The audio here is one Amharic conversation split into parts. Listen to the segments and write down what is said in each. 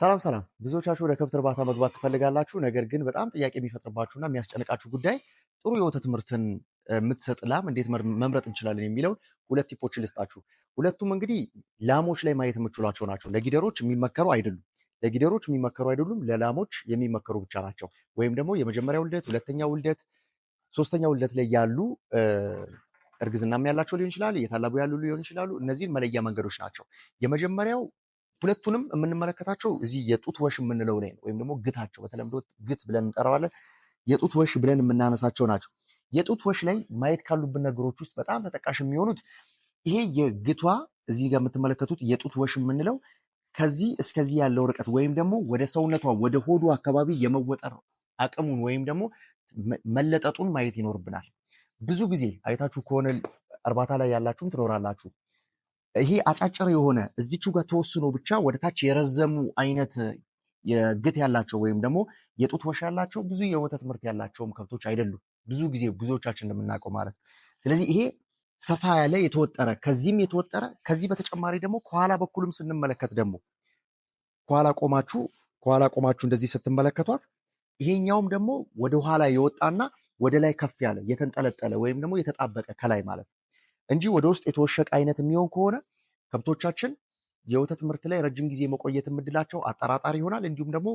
ሰላም ሰላም። ብዙዎቻችሁ ወደ ከብት እርባታ መግባት ትፈልጋላችሁ፣ ነገር ግን በጣም ጥያቄ የሚፈጥርባችሁና የሚያስጨንቃችሁ ጉዳይ ጥሩ የወተት ምርትን የምትሰጥ ላም እንዴት መምረጥ እንችላለን የሚለውን ሁለት ቲፖችን ልስጣችሁ። ሁለቱም እንግዲህ ላሞች ላይ ማየት የምችሏቸው ናቸው። ለጊደሮች የሚመከሩ አይደሉም። ለጊደሮች የሚመከሩ አይደሉም። ለላሞች የሚመከሩ ብቻ ናቸው። ወይም ደግሞ የመጀመሪያ ውልደት፣ ሁለተኛ ውልደት፣ ሶስተኛ ውልደት ላይ ያሉ እርግዝናም ያላቸው ሊሆን ይችላል፣ እየታለቡ ያሉ ሊሆን ይችላሉ። እነዚህን መለያ መንገዶች ናቸው። የመጀመሪያው ሁለቱንም የምንመለከታቸው እዚህ የጡት ወሽ የምንለው ላይ ነው፣ ወይም ደግሞ ግታቸው በተለምዶ ግት ብለን እንጠራዋለን። የጡት ወሽ ብለን የምናነሳቸው ናቸው። የጡት ወሽ ላይ ማየት ካሉብን ነገሮች ውስጥ በጣም ተጠቃሽ የሚሆኑት ይሄ የግቷ እዚህ ጋር የምትመለከቱት የጡት ወሽ የምንለው ከዚህ እስከዚህ ያለው ርቀት ወይም ደግሞ ወደ ሰውነቷ ወደ ሆዱ አካባቢ የመወጠር አቅሙን ወይም ደግሞ መለጠጡን ማየት ይኖርብናል። ብዙ ጊዜ አይታችሁ ከሆነ እርባታ ላይ ያላችሁም ትኖራላችሁ። ይሄ አጫጭር የሆነ እዚቹ ጋር ተወስኖ ብቻ ወደ ታች የረዘሙ አይነት ግት ያላቸው ወይም ደግሞ የጡት ወሻ ያላቸው ብዙ የወተት ምርት ያላቸውም ከብቶች አይደሉም። ብዙ ጊዜ ብዙዎቻችን እንደምናውቀው ማለት ስለዚህ ይሄ ሰፋ ያለ የተወጠረ ከዚህም የተወጠረ ከዚህ በተጨማሪ ደግሞ ከኋላ በኩልም ስንመለከት ደግሞ ከኋላ ቆማችሁ ከኋላ ቆማችሁ እንደዚህ ስትመለከቷት ይሄኛውም ደግሞ ወደ ኋላ የወጣና ወደ ላይ ከፍ ያለ የተንጠለጠለ ወይም ደግሞ የተጣበቀ ከላይ ማለት እንጂ ወደ ውስጥ የተወሸቀ አይነት የሚሆን ከሆነ ከብቶቻችን የወተት ምርት ላይ ረጅም ጊዜ መቆየት የምድላቸው አጠራጣሪ ይሆናል። እንዲሁም ደግሞ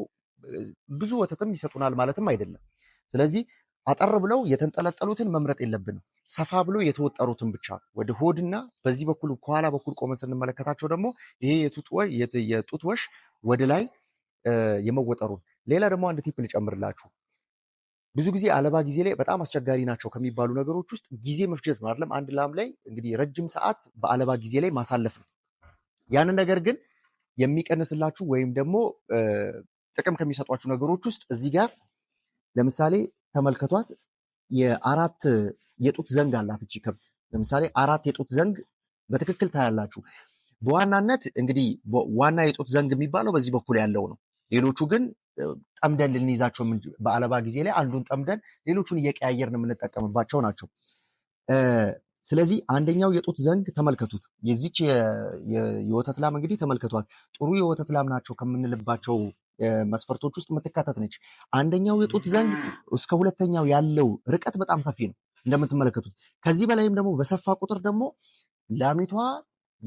ብዙ ወተትም ይሰጡናል ማለትም አይደለም። ስለዚህ አጠር ብለው የተንጠለጠሉትን መምረጥ የለብንም። ሰፋ ብሎ የተወጠሩትን ብቻ ወደ ሆድና በዚህ በኩል ከኋላ በኩል ቆመን ስንመለከታቸው ደግሞ ይሄ የጡት ወሽ ወደ ላይ የመወጠሩን ሌላ ደግሞ አንድ ቲፕ ልጨምርላችሁ። ብዙ ጊዜ አለባ ጊዜ ላይ በጣም አስቸጋሪ ናቸው ከሚባሉ ነገሮች ውስጥ ጊዜ መፍጀት ነው። አይደለም አንድ ላም ላይ እንግዲህ ረጅም ሰዓት በአለባ ጊዜ ላይ ማሳለፍ ነው። ያንን ነገር ግን የሚቀንስላችሁ ወይም ደግሞ ጥቅም ከሚሰጧችሁ ነገሮች ውስጥ እዚህ ጋር ለምሳሌ ተመልከቷት። የአራት የጡት ዘንግ አላት እቺ ከብት። ለምሳሌ አራት የጡት ዘንግ በትክክል ታያላችሁ። በዋናነት እንግዲህ ዋና የጡት ዘንግ የሚባለው በዚህ በኩል ያለው ነው። ሌሎቹ ግን ጠምደን ልንይዛቸው በአለባ ጊዜ ላይ አንዱን ጠምደን ሌሎቹን እየቀያየርን የምንጠቀምባቸው ናቸው። ስለዚህ አንደኛው የጡት ዘንግ ተመልከቱት። የዚች የወተት ላም እንግዲህ ተመልከቷት። ጥሩ የወተት ላም ናቸው ከምንልባቸው መስፈርቶች ውስጥ የምትካተት ነች። አንደኛው የጡት ዘንግ እስከ ሁለተኛው ያለው ርቀት በጣም ሰፊ ነው እንደምትመለከቱት። ከዚህ በላይም ደግሞ በሰፋ ቁጥር ደግሞ ላሚቷ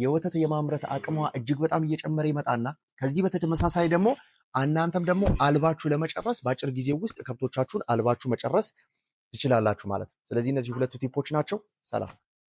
የወተት የማምረት አቅሟ እጅግ በጣም እየጨመረ ይመጣና ከዚህ በተመሳሳይ ደግሞ እናንተም ደግሞ አልባችሁ ለመጨረስ በአጭር ጊዜ ውስጥ ከብቶቻችሁን አልባችሁ መጨረስ ትችላላችሁ ማለት ነው። ስለዚህ እነዚህ ሁለቱ ቲፖች ናቸው። ሰላም